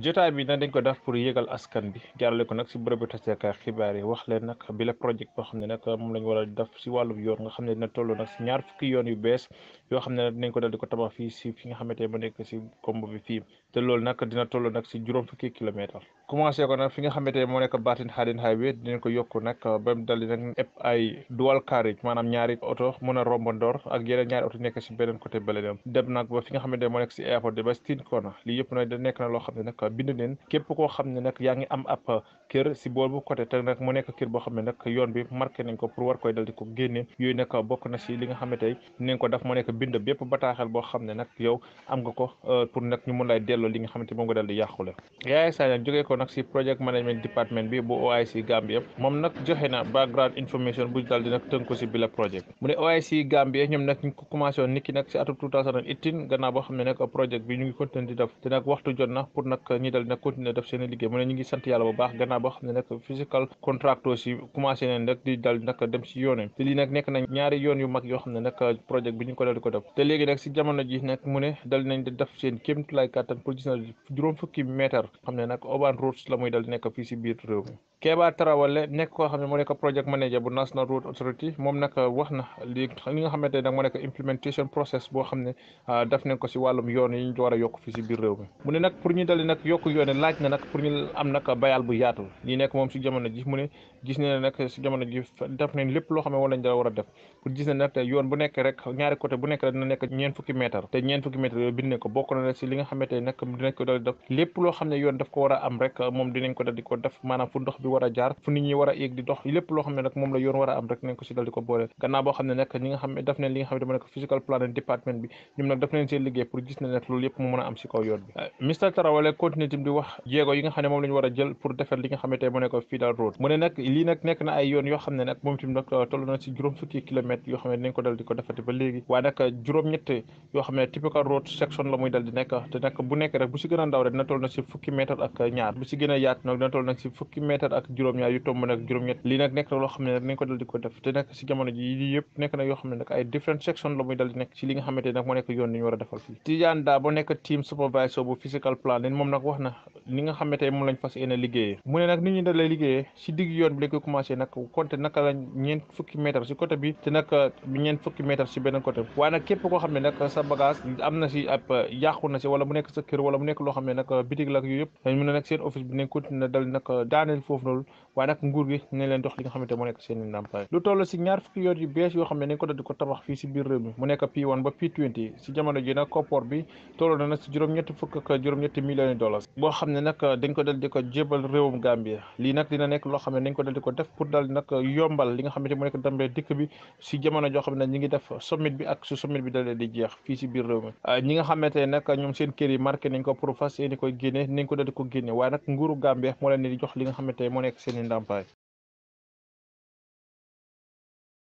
jotaay bi nag dañ ko daf pour yegal askan bi jarale ko nak ci bërëb bi taseekaay xibaari wax leen nak bi la project bo xamne nak mom moom wara daf ci walu yoon nga xamne na tollu nak ci ñaar fukki yoon yu bes yo xamne nak dañ ko dal di ko tabax fi ci fi nga tay mo nek ci combo bi fi te lool nak dina tollu nak ci juroom fukki kilomètre commencé ko nak fi nga xamne tay mo nek Batin Hadin Highway dinañ ko yokku nak bam dal di nag ay dual carriage Manam ñaari auto mën rombo ndor ak yeneen ñaari auto nek ci benen côté balé dem dem nak ba fi nga xamne tay mo nek ci airport de ba Corner li yep nag da nek na lo xamne nag bind leen képp koo xam ne nag yaa ngi am ab kër si boobu côté te nag mu nekk kër boo xam ne nag yoon bi marqué nañ ko boo xam ne nag yow euh, bi moom nag joxe na background information bu dal di nag tënku si bi project mu ne OIC Gambia ñoom nag ñu ko commencé niki nag si atum 2018 gannaaw boo xam ne nag project bi ñu ngi continué di def te nag waxtu jot na pour nag nag ñi dal nag continuer def seen liggéey mu ne ñu ngi sant commencé nañ nag dem si yoonam te lii nag nekk na ñaari yoon yu mag yoo xam ne nag projet ko dal di ko def te léegi nag si jamono ji nag mu ne dal nañ di def seen kéemtulaay kàttan pour gis na juróom fukki mètre xam ne nag urban routes la muy dal nekk fii si mi Kéba Tarawale nekk koo xam ne moo nekk project manager bu National Road Authority moom nag wax na li li nga xamante ne nag moo nekk implementation process boo xam ne ah, def nañ ko si yoon yi ñu war a yokk fii si biir réew mi nag yokku yoone laaj na nag pour ñu am nag bayal bu yaatu lii nekk moom si jamono ji mu ne gis ne nag si jamono ji def loo xam ne wala ñu da war a def pour gis ne nag yoon bu nekk rek ñaari côté ne daf ne nag si liggéey pour gis ne nag loolu yëpp mu mën am si kaw yoon bi euh, continuer tim di wax jéego yi nga moom la ñu jël pour defar li nga moom nekk yoon ni ñu defal fii Tidiane Da boo nekk team supervisor bu physical plan moom nag wax na ni nga xam ne tey moom lañ fas yéene liggéeyee mu ne nag ni ñu dalee liggéeyee si digg yoon bi lañ koy commencé nag compté naka la ñeent fukki si côté bi te nag ñeent fukki mètre si beneen côté waaye nag képp koo xam ne nag sa bagage am na si ab yàqu na si wala mu nekk sa kër wala mu nekk loo xam ne nag bitig lak ak yëpp dañ mën a nag seen office bi nañ continuer dal nag daaneel foofu noonu waaye nag nguur gi ne leen dox li nga xamante moo nekk seen i ndàmpaay lu toll si ñaar fukki yoot yu bees yoo xam ne nañ ko def di ko tabax fii si biir réew mi mu nekk P1 ba P20 si jamono ji nag koppoor bi toll na nag si juróom-ñetti fukk ak juróom-ñetti millions de dollars boo xam ne nag dañ ko dal di ko jébal réewum Gambia lii nag dina nekk loo xam ne nañ ko dal di ko def pour dal nag yombal li nga xamante mu nekk dambee dikk bi si jamono joo xam ne ñi ngi def sommet bi ak su sommet bi dal di jeex fii si biir réew mi ah, ñi nga xamante ne nag ñoom seen kër yi marqué nañ ko pour fas yéene koy génne nañ ko dal di ko génne waaye nag nguuru Gambia moo leen di jox li nga xamante moo nekk seen ঝিন্ডাম পাই